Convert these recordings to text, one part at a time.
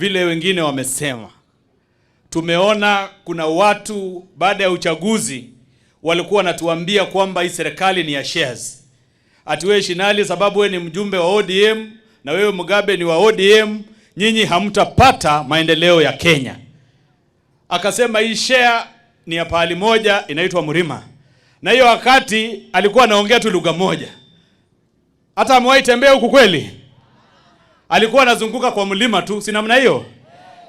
Vile wengine wamesema, tumeona kuna watu baada ya uchaguzi walikuwa wanatuambia kwamba hii serikali ni ya shares, ati wewe Shinali, sababu wewe ni mjumbe wa ODM na wewe Mugabe ni wa ODM, nyinyi hamtapata maendeleo ya Kenya. Akasema hii share ni ya pahali moja inaitwa mrima na hiyo wakati alikuwa anaongea tu lugha moja. Hata amewahi tembea huku kweli alikuwa anazunguka kwa mlima tu, si namna hiyo?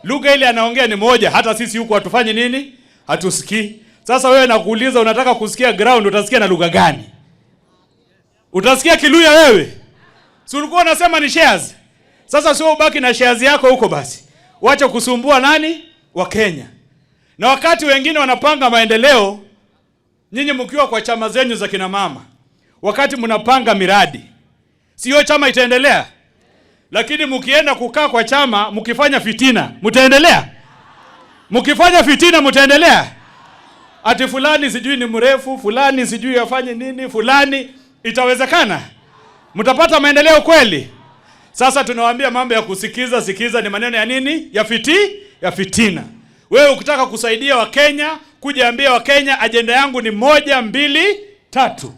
Lugha ile anaongea ni moja, hata sisi huku hatufanyi nini, hatusikii. Sasa wewe nakuuliza, unataka kusikia ground, utasikia na lugha gani? Utasikia Kiluya wewe? Si ulikuwa unasema ni shares? Sasa sio ubaki na shares yako huko basi, wacha kusumbua nani wa Kenya. Na wakati wengine wanapanga maendeleo, nyinyi mkiwa kwa chama zenyu za kina mama, wakati mnapanga miradi, sio chama itaendelea lakini mkienda kukaa kwa chama mkifanya fitina mtaendelea, mkifanya fitina mtaendelea, ati fulani sijui ni mrefu, fulani sijui afanye nini, fulani itawezekana? Mtapata maendeleo kweli? Sasa tunawaambia mambo ya kusikiza sikiza ni maneno ya nini? Ya fiti, ya fitina. Wewe ukitaka kusaidia Wakenya kujaambia Wakenya ajenda yangu ni moja, mbili, tatu,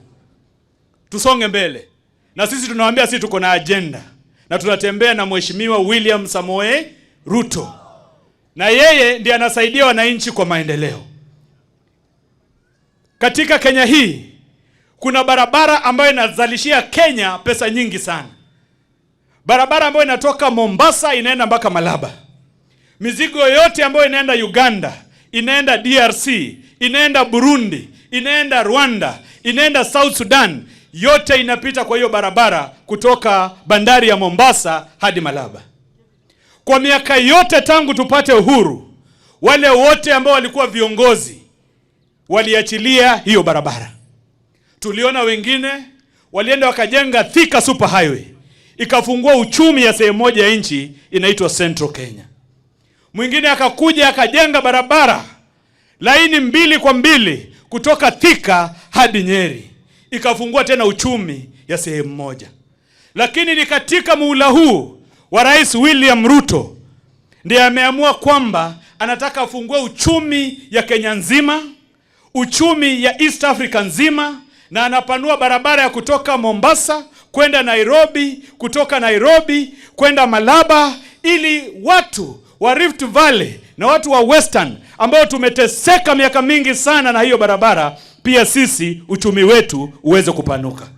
tusonge mbele, na sisi tunawaambia sisi tuko na ajenda na tunatembea na Mheshimiwa William samoe Ruto, na yeye ndiye anasaidia wananchi kwa maendeleo. Katika Kenya hii kuna barabara ambayo inazalishia Kenya pesa nyingi sana, barabara ambayo inatoka Mombasa inaenda mpaka Malaba. Mizigo yote ambayo inaenda Uganda, inaenda DRC, inaenda Burundi, inaenda Rwanda, inaenda South Sudan yote inapita kwa hiyo barabara kutoka bandari ya Mombasa hadi Malaba. Kwa miaka yote tangu tupate uhuru, wale wote ambao walikuwa viongozi waliachilia hiyo barabara. Tuliona wengine walienda wakajenga Thika Super Highway ikafungua uchumi ya sehemu moja ya nchi inaitwa Central Kenya. Mwingine akakuja akajenga barabara laini mbili kwa mbili kutoka Thika hadi Nyeri ikafungua tena uchumi ya sehemu moja, lakini ni katika muhula huu wa Rais William Ruto ndiye ameamua kwamba anataka afungue uchumi ya Kenya nzima, uchumi ya East Africa nzima, na anapanua barabara ya kutoka Mombasa kwenda Nairobi, kutoka Nairobi kwenda Malaba, ili watu wa Rift Valley na watu wa Western ambao tumeteseka miaka mingi sana na hiyo barabara pia sisi uchumi wetu uweze kupanuka.